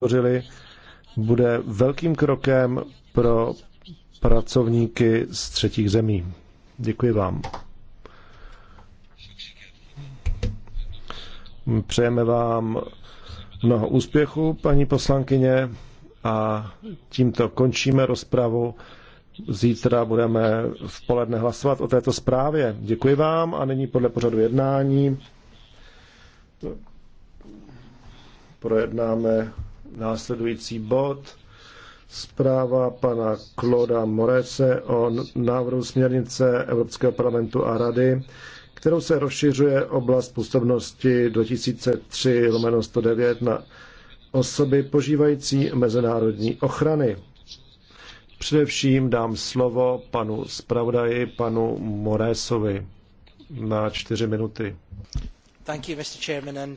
podpořili, bude velkým krokem pro pracovníky z třetích zemí. Děkuji vám. Přejeme vám mnoho úspěchu, paní poslankyně, a tímto končíme rozpravu. Zítra budeme v poledne hlasovat o této zprávě. Děkuji vám a nyní podle pořadu jednání projednáme následující bod. Zpráva pana Kloda Morece o návrhu směrnice Evropského parlamentu a rady, kterou se rozšiřuje oblast působnosti 2003-109 na osoby požívající mezinárodní ochrany. Především dám slovo panu zpravodaji, panu Moresovi na čtyři minuty. Um,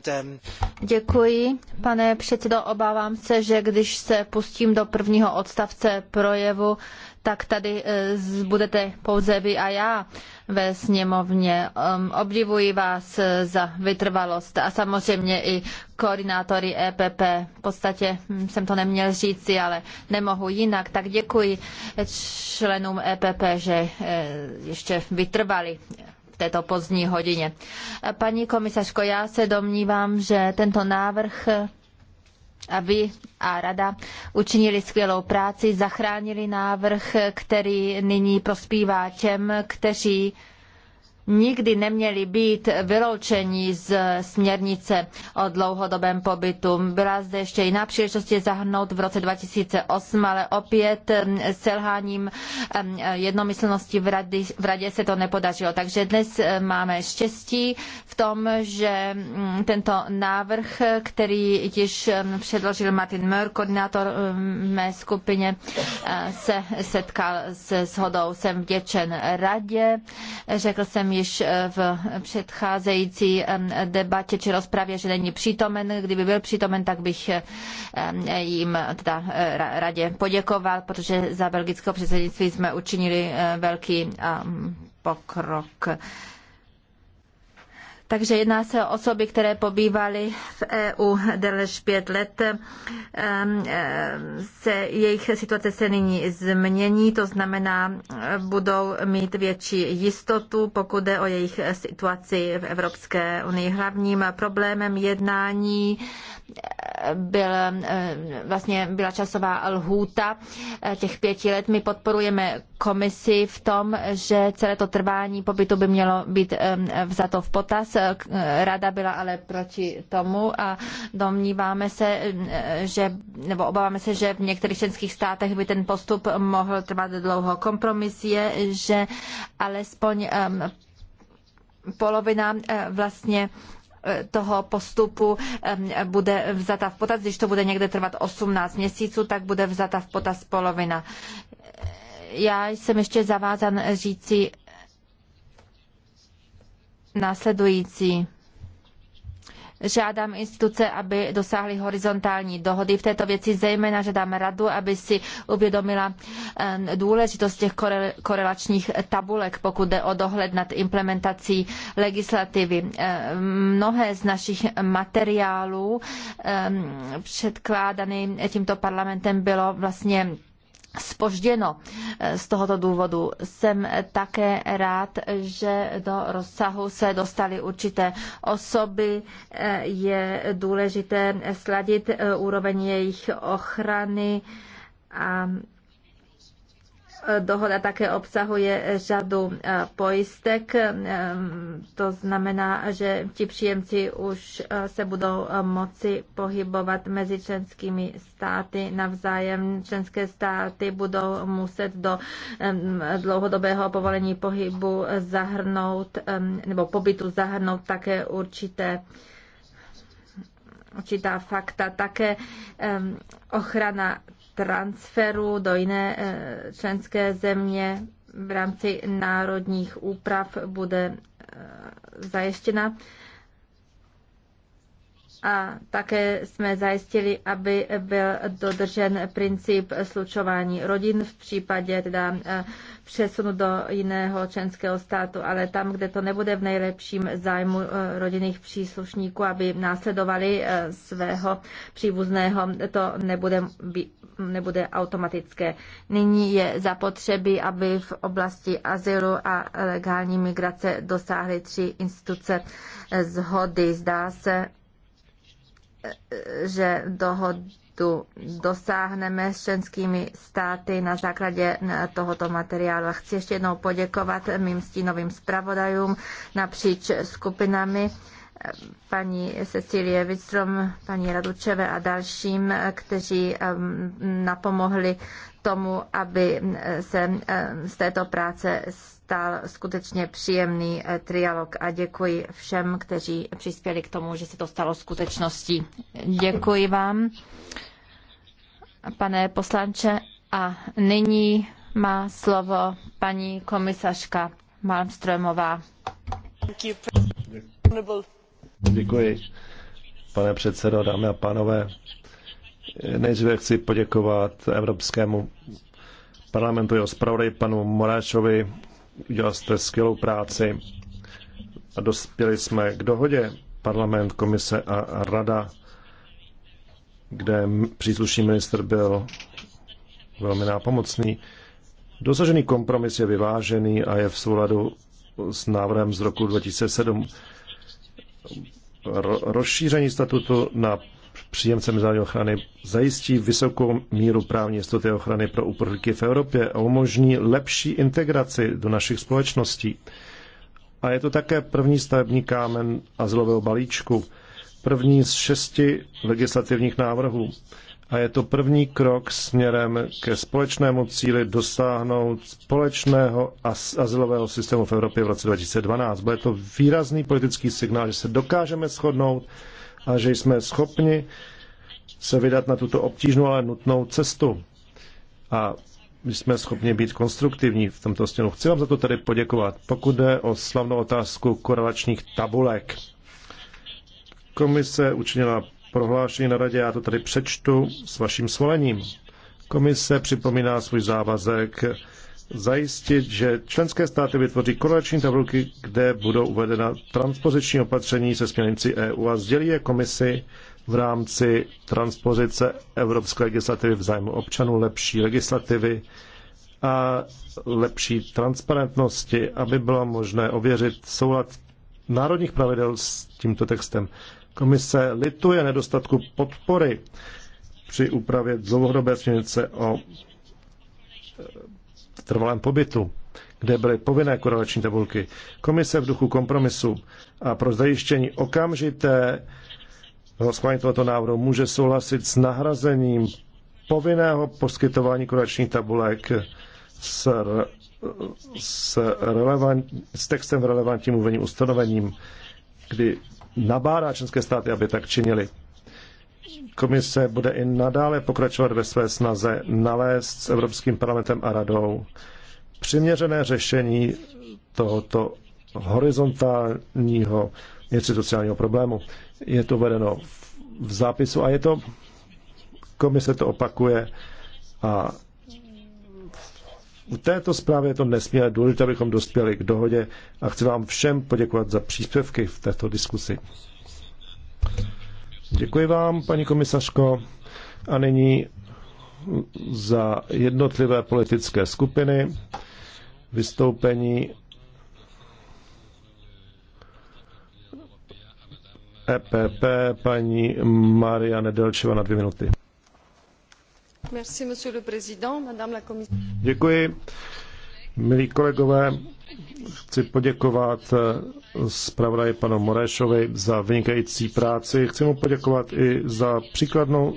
děkuji, pane předsedo. Obávám se, že když se pustím do prvního odstavce projevu, tak tady eh, budete pouze vy a já ve sněmovně. Um, obdivuji vás eh, za vytrvalost a samozřejmě i koordinátory EPP. V podstatě hm, jsem to neměl říci, ale nemohu jinak. Tak děkuji členům EPP, že eh, ještě vytrvali této pozdní hodině. Paní komisařko, já se domnívám, že tento návrh a vy a rada učinili skvělou práci, zachránili návrh, který nyní prospívá těm, kteří nikdy neměli být vyloučeni z směrnice o dlouhodobém pobytu. Byla zde ještě jiná příležitost je zahrnout v roce 2008, ale opět eh, selháním eh, jednomyslnosti v, rady, v radě se to nepodařilo. Takže dnes eh, máme štěstí v tom, že mm, tento návrh, který již předložil Martin Mör, koordinátor mé skupině, se setkal se shodou. Jsem vděčen radě. Řekl jsem ji, již eh, v předcházející debatě či rozpravě, že není přítomen. Kdyby byl přítomen, tak bych eh, jim teda eh, radě poděkoval, protože za belgického předsednictví jsme učinili velký pokrok. Takže jedná se o osoby, které pobývaly v EU než pět let. Ehm, ehm, se, jejich situace se nyní změní, to znamená, eh, budou mít větší jistotu, pokud jde o jejich situaci v Evropské unii. Hlavním problémem jednání byl, eh, vlastně byla časová lhůta eh, těch pěti let. My podporujeme komisi v tom, že celé to trvání pobytu by mělo být eh, vzato v potaz. Rada byla ale proti tomu a domníváme se, že, nebo obáváme se, že v některých členských státech by ten postup mohl trvat dlouho. Kompromis je, že alespoň polovina vlastně toho postupu bude vzata v potaz. Když to bude někde trvat 18 měsíců, tak bude vzata v potaz polovina. Já jsem ještě zavázan říci následující. Žádám instituce, aby dosáhly horizontální dohody v této věci, zejména žádám radu, aby si uvědomila eh, důležitost těch korelačních tabulek, pokud jde o dohled nad implementací legislativy. Eh, mnohé z našich materiálů eh, předkládaných tímto parlamentem bylo vlastně spožděno. Eh, z tohoto důvodu jsem také rád, že do rozsahu se dostaly určité osoby. Eh, je důležité sladit eh, úroveň jejich ochrany a Dohoda také obsahuje řadu eh, pojistek, eh, to znamená, že ti příjemci už eh, se budou moci pohybovat mezi členskými státy navzájem. Členské státy budou muset do dlouhodobého povolení pohybu zahrnout nebo pobytu zahrnout také určité určitá fakta, také ochrana transferu do jiné eh, členské země v rámci národních úprav bude eh, zajištěna a také jsme zajistili, aby byl dodržen princip slučování rodin v případě teda eh, přesunu do jiného členského státu, ale tam, kde to nebude v nejlepším zájmu eh, rodinných příslušníků, aby následovali eh, svého příbuzného, to nebude, nebude automatické. Nyní je zapotřebí, aby v oblasti azylu a legální migrace dosáhly tři instituce zhody. Zdá se, že dohodu dosáhneme s členskými státy na základě tohoto materiálu. A chci ještě jednou poděkovat mým stínovým zpravodajům napříč skupinami paní Cecilie Wittstrom, paní Radučeve a dalším, kteří um, napomohli tomu, aby se um, z této práce stál skutečně příjemný eh, trialog a děkuji všem, kteří přispěli k tomu, že se to stalo skutečností. Děkuji vám, pane poslanče. A nyní má slovo paní komisařka Malmströmová. Děkuji, pane předsedo, dámy a pánové. Nejdříve chci poděkovat Evropskému parlamentu jeho zpravodaj panu Morášovi udělal jste skvělou práci a dospěli jsme k dohodě parlament, komise a rada, kde příslušný minister byl velmi nápomocný. Dosažený kompromis je vyvážený a je v souladu s návrhem z roku 2007 rozšíření statutu na příjemce mezinárodní ochrany zajistí vysokou míru právní jistoty a ochrany pro uprchlíky v Evropě a umožní lepší integraci do našich společností. A je to také první stavební kámen azylového balíčku, první z šesti legislativních návrhů. A je to první krok směrem ke společnému cíli dosáhnout společného azylového systému v Evropě v roce 2012. Bude to výrazný politický signál, že se dokážeme shodnout a že jsme schopni se vydat na tuto obtížnou, ale nutnou cestu. A my jsme schopni být konstruktivní v tomto stěnu. Chci vám za to tady poděkovat. Pokud jde o slavnou otázku korelačních tabulek, komise učinila prohlášení na radě, já to tady přečtu s vaším svolením. Komise připomíná svůj závazek zajistit, že členské státy vytvoří koneční tabulky, kde budou uvedena transpoziční opatření se směrnicí EU a sdělí je komisi v rámci transpozice evropské legislativy v zájmu občanů, lepší legislativy a lepší transparentnosti, aby bylo možné ověřit soulad národních pravidel s tímto textem. Komise lituje nedostatku podpory při úpravě dlouhodobé směrnice o trvalém pobytu, kde byly povinné korelační tabulky. Komise v duchu kompromisu a pro zajištění okamžité schválení tohoto návrhu může souhlasit s nahrazením povinného poskytování korelačních tabulek s, s, relevant, s textem relevantním uvedením ustanovením, kdy nabádá členské státy, aby tak činili komise bude i nadále pokračovat ve své snaze nalézt s Evropským parlamentem a radou přiměřené řešení tohoto horizontálního institucionálního problému. Je to vedeno v zápisu a je to, komise to opakuje a u této zprávy je to nesmírně důležité, abychom dospěli k dohodě a chci vám všem poděkovat za příspěvky v této diskusi. Děkuji vám, paní komisařko. A nyní za jednotlivé politické skupiny vystoupení EPP paní Maria Nedelčeva na dvě minuty. Merci, Děkuji, Milí kolegové, chci poděkovat eh, zpravodaji panu Morešovi za vynikající práci. Chci mu poděkovat i za příkladnou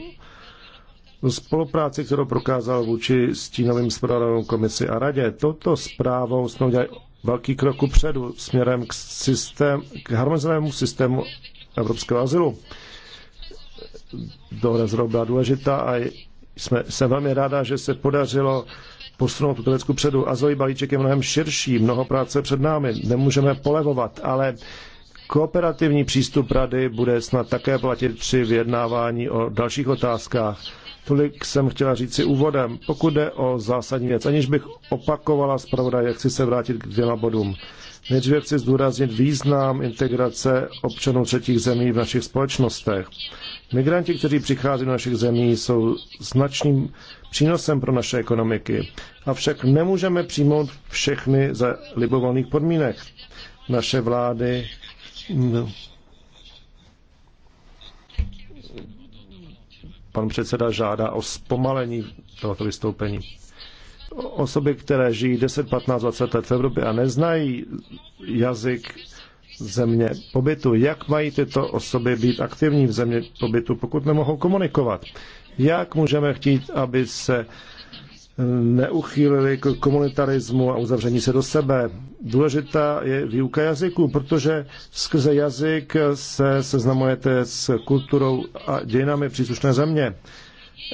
spolupráci, kterou prokázal vůči stínovým zpravodajům komisi a radě. Toto zprávou jsme udělali velký krok upředu směrem k, systém, k harmonizovanému systému evropského azylu. Dohoda byla důležitá a jsme, jsem velmi ráda, že se podařilo posunout Turecku předu. Azový balíček je mnohem širší, mnoho práce před námi, nemůžeme polevovat, ale kooperativní přístup rady bude snad také platit při vyjednávání o dalších otázkách. Tolik jsem chtěla říct si úvodem. Pokud jde o zásadní věc, aniž bych opakovala zpravodaj, jak chci se vrátit k dvěma bodům. Nejdříve chci zdůraznit význam integrace občanů třetích zemí v našich společnostech. Migranti, kteří přichází do našich zemí, jsou značným přínosem pro naše ekonomiky. Avšak nemůžeme přijmout všechny za libovolných podmínek. Naše vlády no, Pan předseda žádá o zpomalení tohoto vystoupení. Osoby, které žijí 10, 15, 20 let v Evropě a neznají jazyk země pobytu. Jak mají tyto osoby být aktivní v země pobytu, pokud nemohou komunikovat? Jak můžeme chtít, aby se eh, neuchýlili k komunitarismu a uzavření se do sebe. Důležitá je výuka jazyku, protože skrze jazyk se seznamujete s kulturou a dějinami příslušné země.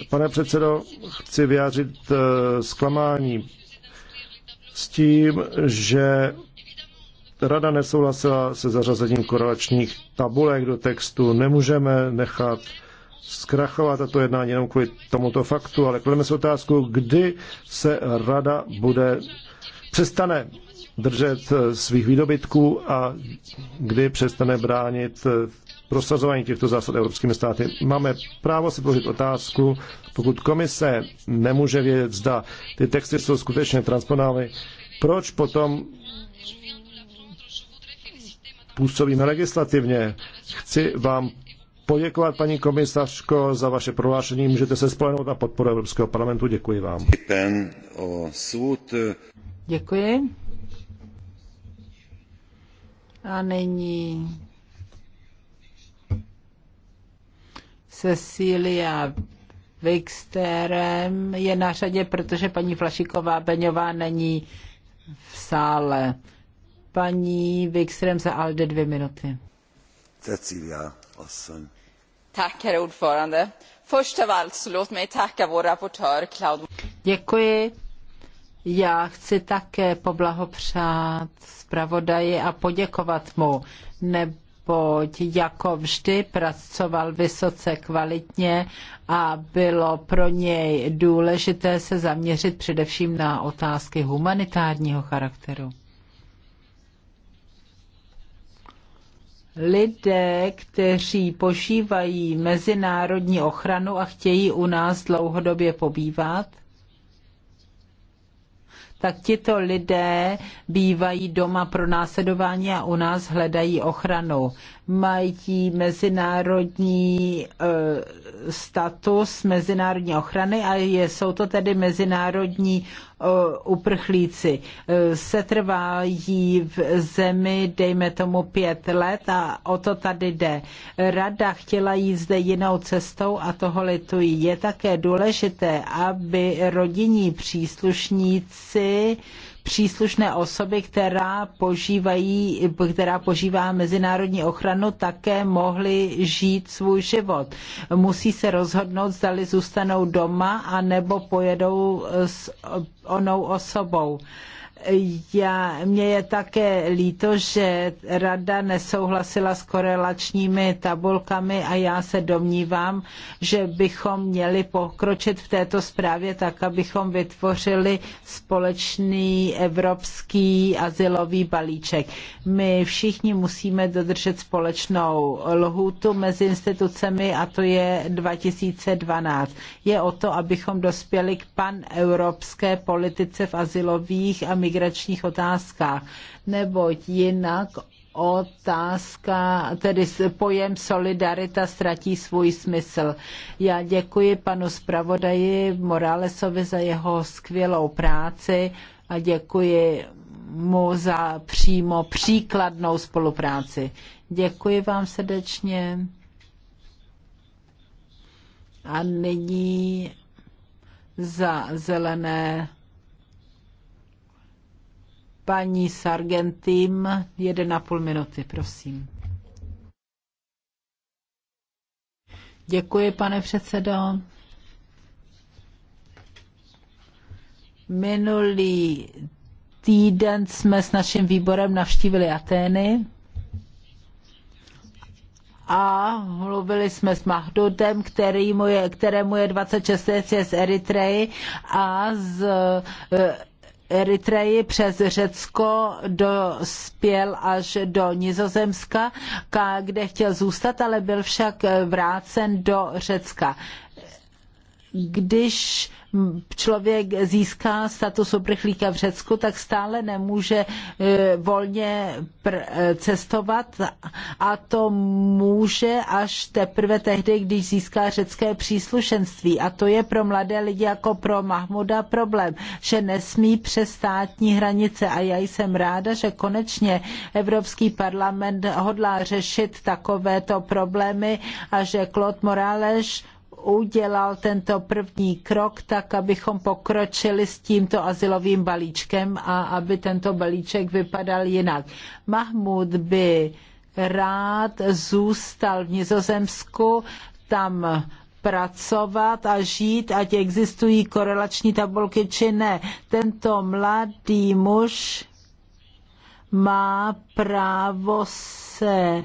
Pane předsedo, chci vyjádřit eh, zklamání s tím, že Rada nesouhlasila se zařazením korelačních tabulek do textu. Nemůžeme nechat zkrachovat tato jednání jenom kvůli tomuto faktu, ale klademe se otázku, kdy se rada bude přestane držet eh, svých výdobytků a kdy přestane bránit eh, prosazování těchto zásad evropskými státy. Máme právo si položit otázku, pokud komise nemůže vědět, zda ty texty jsou skutečně transponovány, proč potom působíme legislativně. Chci vám poděkovat, paní komisařko, za vaše prohlášení. Můžete se spolehnout na podporu Evropského parlamentu. Děkuji vám. Eh, Děkuji. A nyní Cecilia Wiksterem je na řadě, protože paní Flašiková Beňová není v sále. Paní Wikström za Alde dvě minuty. Cecilia Osson. Tak, herr ordförande. Först av allt så låt mig tacka vår rapportör Claude. Děkuji. Já chci také poblahopřát zpravodaji a poděkovat mu, neboť jako vždy pracoval vysoce kvalitně a bylo pro něj důležité se zaměřit především na otázky humanitárního charakteru. lidé, kteří požívají mezinárodní ochranu a chtějí u nás dlouhodobě pobývat, tak tito lidé bývají doma pro následování a u nás hledají ochranu mají mezinárodní e, status mezinárodní ochrany a je, jsou to tedy mezinárodní e, uprchlíci. E, setrvají v zemi, dejme tomu, pět let a o to tady jde. Rada chtěla jít zde jinou cestou a toho litují. Je také důležité, aby rodinní příslušníci příslušné osoby, která, požívají, která požívá mezinárodní ochranu, také mohly žít svůj život. Musí se rozhodnout, zdali zůstanou doma, anebo pojedou s onou osobou já, mě je také líto, že rada nesouhlasila s korelačními tabulkami a já se domnívám, že bychom měli pokročit v této zprávě tak, abychom vytvořili společný evropský asilový balíček. My všichni musíme dodržet společnou lhůtu mezi institucemi a to je 2012. Je o to, abychom dospěli k panevropské politice v asilových a migračních migračních otázkách, neboť jinak otázka, tedy pojem solidarita ztratí svůj smysl. Já děkuji panu zpravodaji Moralesovi za jeho skvělou práci a děkuji mu za přímo příkladnou spolupráci. Děkuji vám srdečně. A nyní za zelené paní Sargentim, 1,5 minuty, prosím. Děkuji, pane předsedo. Minulý týden jsme s naším výborem navštívili Atény a mluvili jsme s Mahdudem, který mu je, kterému je 26 z Eritreji a z eh, Eritreji přes Řecko dospěl až do Nizozemska, kde chtěl zůstat, ale byl však vrácen do Řecka když člověk získá status uprchlíka v Řecku, tak stále nemůže e, volně e, cestovat a to může až teprve tehdy, když získá řecké příslušenství. A to je pro mladé lidi jako pro Mahmuda problém, že nesmí přes státní hranice. A já jsem ráda, že konečně Evropský parlament hodlá řešit takovéto problémy a že Claude Morales udělal tento první krok, tak abychom pokročili s tímto asilovým balíčkem a aby tento balíček vypadal jinak. Mahmud by rád zůstal v Nizozemsku, tam pracovat a žít, ať existují korelační tabulky či ne. Tento mladý muž má právo se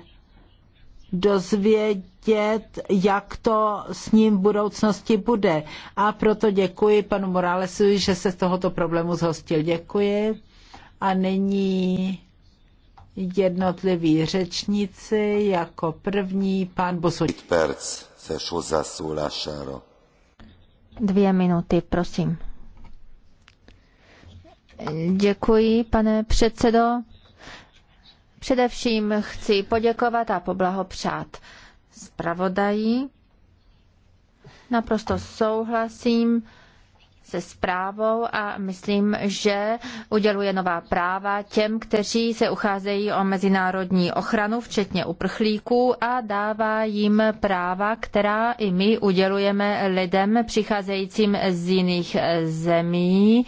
dozvědět, vědět, jak to s ním v budoucnosti bude. A proto děkuji panu Moralesovi, že se z tohoto problému zhostil. Děkuji. A nyní jednotliví řečníci, jako první pan Bosuť. Dvě minuty, prosím. Děkuji, pane předsedo. Především chci poděkovat a poblahopřát zpravodají. Naprosto souhlasím se zprávou a myslím, že uděluje nová práva těm, kteří se ucházejí o mezinárodní ochranu, včetně uprchlíků a dává jim práva, která i my udělujeme lidem přicházejícím z jiných zemí,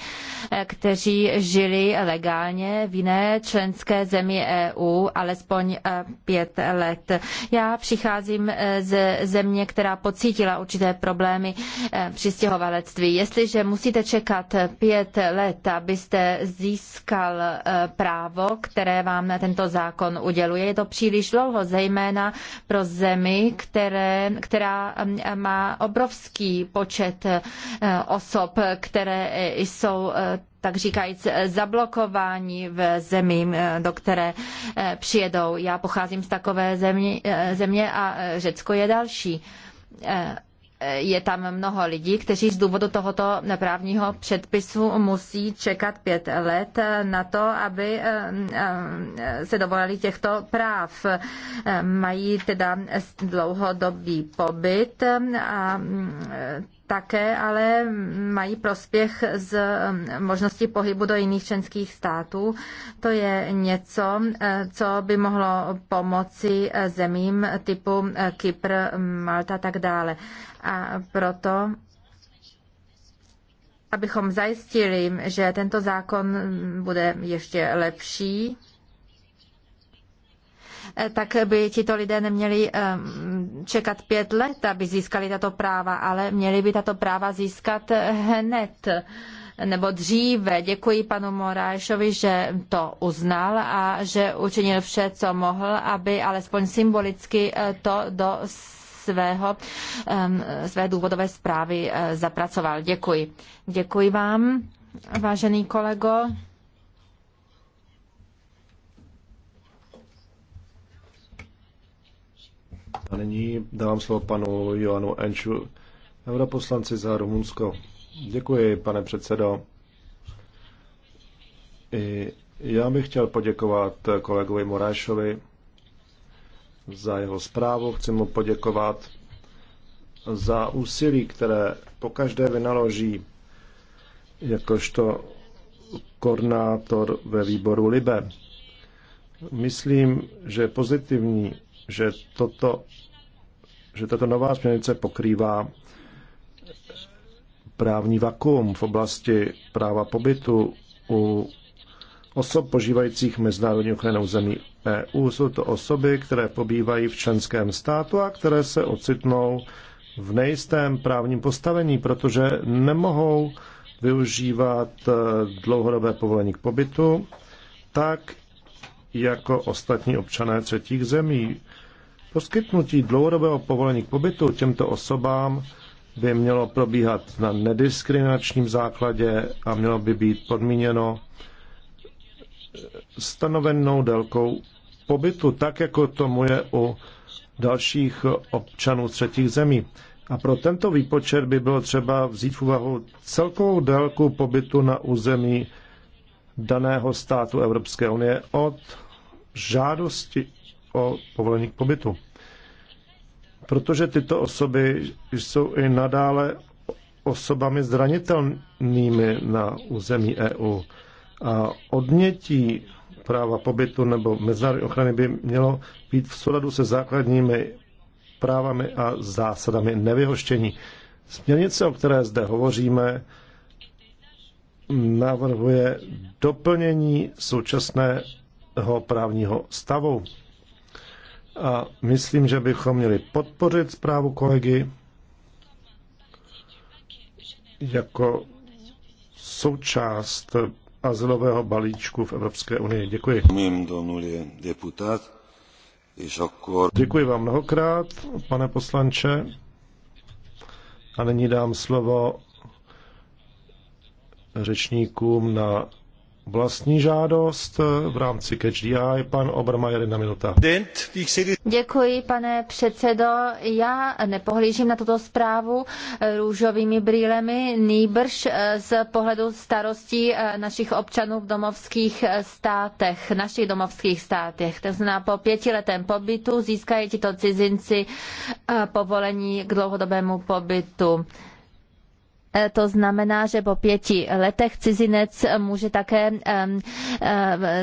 kteří žili legálně v jiné členské zemi EU alespoň eh, pět let. Já přicházím eh, z země, která pocítila určité problémy eh, přistěhovalectví. Jestliže musíte čekat pět let, abyste získal eh, právo, které vám tento zákon uděluje. Je to příliš dlouho, zejména pro zemi, které, která eh, má obrovský počet eh, osob, které jsou tak říkajíc zablokování v zemi, do které přijedou. Já pocházím z takové země, země a Řecko je další je tam mnoho lidí, kteří z důvodu tohoto právního předpisu musí čekat pět let na to, aby eh, eh, se dovolali těchto práv. Mají teda dlouhodobý pobyt a mm, také ale mají prospěch z um, možnosti pohybu do jiných členských států. To je něco, uh, co by mohlo pomoci uh, zemím typu uh, Kypr, Malta a tak dále. A proto abychom zajistili, že tento zákon bude ještě lepší, Eh, tak by tito lidé neměli eh, čekat pět let, aby získali tato práva, ale měli by tato práva získat eh, hned nebo dříve. Děkuji panu Morášovi, že to uznal a že učinil vše, co mohl, aby alespoň symbolicky to do svého, své důvodové zprávy zapracoval. Děkuji. Děkuji vám, vážený kolego. A nyní dávám slovo panu Joanu Enču, europoslanci za Rumunsko. Děkuji, pane předsedo. I já bych chtěl poděkovat kolegovi Morášovi za jeho zprávu. Chci mu poděkovat za úsilí, které pokaždé vynaloží jakožto koordinátor ve výboru LIBE. Myslím, že pozitivní, že, toto, že tato nová směrnice pokrývá právní vakuum v oblasti práva pobytu u osob požívajících mezinárodní ochranou zemí EU. Jsou to osoby, které pobývají v členském státu a které se ocitnou v nejistém právním postavení, protože nemohou využívat eh, dlouhodobé povolení k pobytu, tak jako ostatní občané třetích zemí. Poskytnutí dlouhodobého povolení k pobytu těmto osobám by mělo probíhat na nediskriminačním základě a mělo by být podmíněno stanovenou délkou pobytu, tak jako tomu je u dalších občanů třetích zemí. A pro tento výpočet by bylo třeba vzít v úvahu celkovou délku pobytu na území daného státu Evropské unie od žádosti o povolení k pobytu. Protože tyto osoby jsou i nadále osobami zranitelnými na území EU. A odnětí práva pobytu nebo mezinárodní ochrany by mělo být v souladu se základními právami a zásadami nevyhoštění. Směrnice, o které zde hovoříme, navrhuje doplnění současného právního stavu. A myslím, že bychom měli podpořit zprávu kolegy jako součást azylového balíčku v Evropské unii. Děkuji. Děkuji vám mnohokrát, pane poslanče. A nyní dám slovo řečníkům na vlastní žádost v rámci Catch the Eye. Pan Obermajer, jedna minuta. Děkuji, pane předsedo. Já nepohlížím na tuto zprávu růžovými brýlemi, nýbrž z pohledu starostí našich občanů v domovských státech, našich domovských státech. To znamená, po pětiletém pobytu získají tito cizinci povolení k dlouhodobému pobytu E, to znamená, že po pěti letech cizinec může také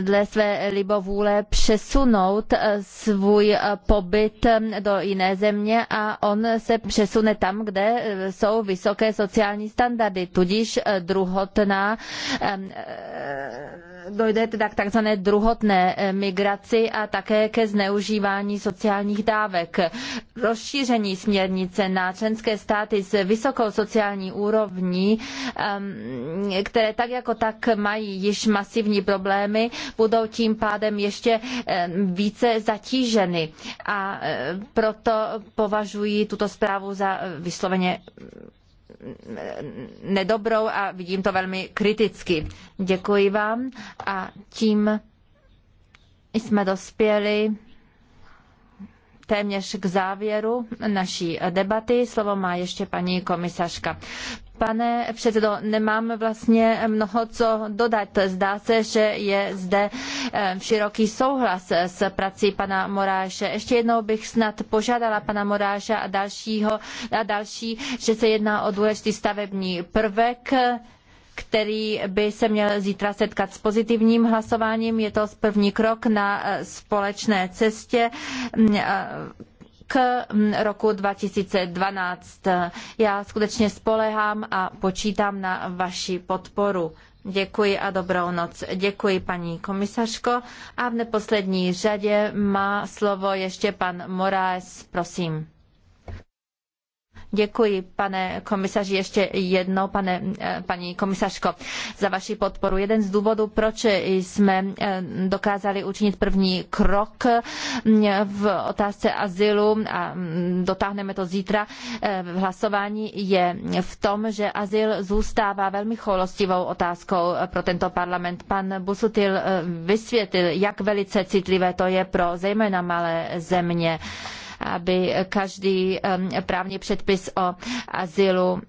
dle své libovůle přesunout e, svůj e, pobyt do jiné země a on se přesune tam, kde jsou vysoké sociální standardy, tudíž druhotná dojde teda k takzvané druhotné eh, migraci a také ke zneužívání sociálních dávek. Rozšíření směrnice na členské státy s vysokou sociální úrovní, ehm, které tak jako tak mají již masivní problémy, budou tím pádem ještě ehm, více zatíženy. A eh, proto považuji tuto zprávu za eh, vysloveně nedobrou a vidím to velmi kriticky. Děkuji vám a tím jsme dospěli téměř k závěru naší debaty. Slovo má ještě paní komisařka. Pane předsedo, nemám vlastně mnoho co dodat. Zdá se, že je zde eh, široký souhlas s prací pana Moráše. Ještě jednou bych snad požádala pana Moráše a, dalšího, a další, že se jedná o důležitý stavební prvek který by se měl zítra setkat s pozitivním hlasováním. Je to první krok na eh, společné cestě mm, eh, k mm, roku 2012. Já skutečně spolehám a počítám na vaši podporu. Děkuji a dobrou noc. Děkuji, paní komisařko. A v neposlední řadě má slovo ještě pan Moraes, prosím. Děkuji, pane komisaři, ještě jednou, pane, eh, paní komisařko, za vaši podporu. Jeden z důvodů, proč jsme eh, dokázali učinit první krok mm, v otázce azylu a mm, dotáhneme to zítra eh, v hlasování, je v tom, že azyl zůstává velmi choulostivou otázkou pro tento parlament. Pan Busutil vysvětlil, jak velice citlivé to je pro zejména malé země aby každý um, právní předpis o azylu, um,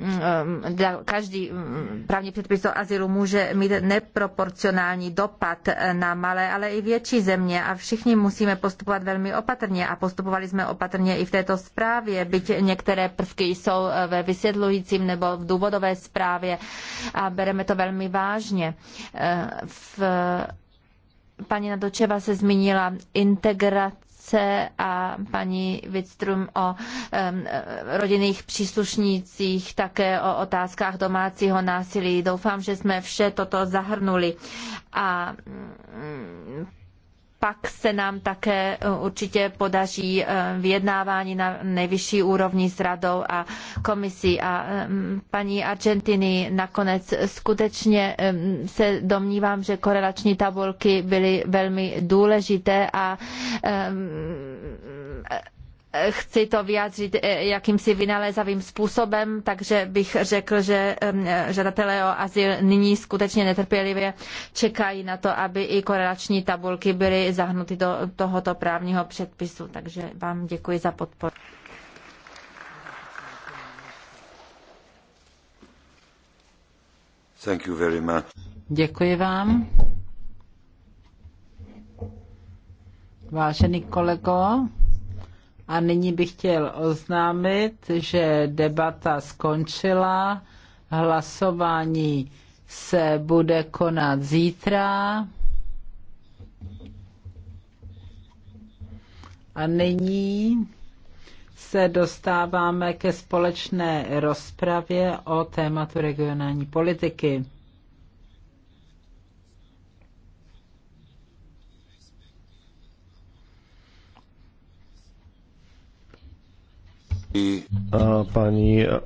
každý um, právní předpis o azylu může mít neproporcionální dopad na malé, ale i větší země a všichni musíme postupovat velmi opatrně a postupovali jsme opatrně i v této zprávě, byť některé prvky jsou eh, ve vysvětlujícím nebo v důvodové zprávě a bereme to velmi vážně. Eh, v Paní Nadočeva se zmínila integraci matce a paní Wittström o eh, rodinných příslušnících, také o otázkách domácího násilí. Doufám, že jsme vše toto zahrnuli. A mm, pak se nám také eh, určitě podaří eh, vyjednávání na nejvyšší úrovni s radou a komisí. A mm, paní Argentiny nakonec skutečně mm, se domnívám, že korelační tabulky byly velmi důležité a mm, chci to vyjádřit eh, jakýmsi vynalézavým způsobem, takže bych řekl, že eh, žadatelé o azyl nyní skutečně netrpělivě čekají na to, aby i korelační tabulky byly zahnuty do tohoto právního předpisu. Takže vám děkuji za podporu. Thank you very much. Děkuji vám. Vážený kolego, a nyní bych chtěl oznámit, že debata skončila. Hlasování se bude konat zítra. A nyní se dostáváme ke společné rozpravě o tématu regionální politiky. Paní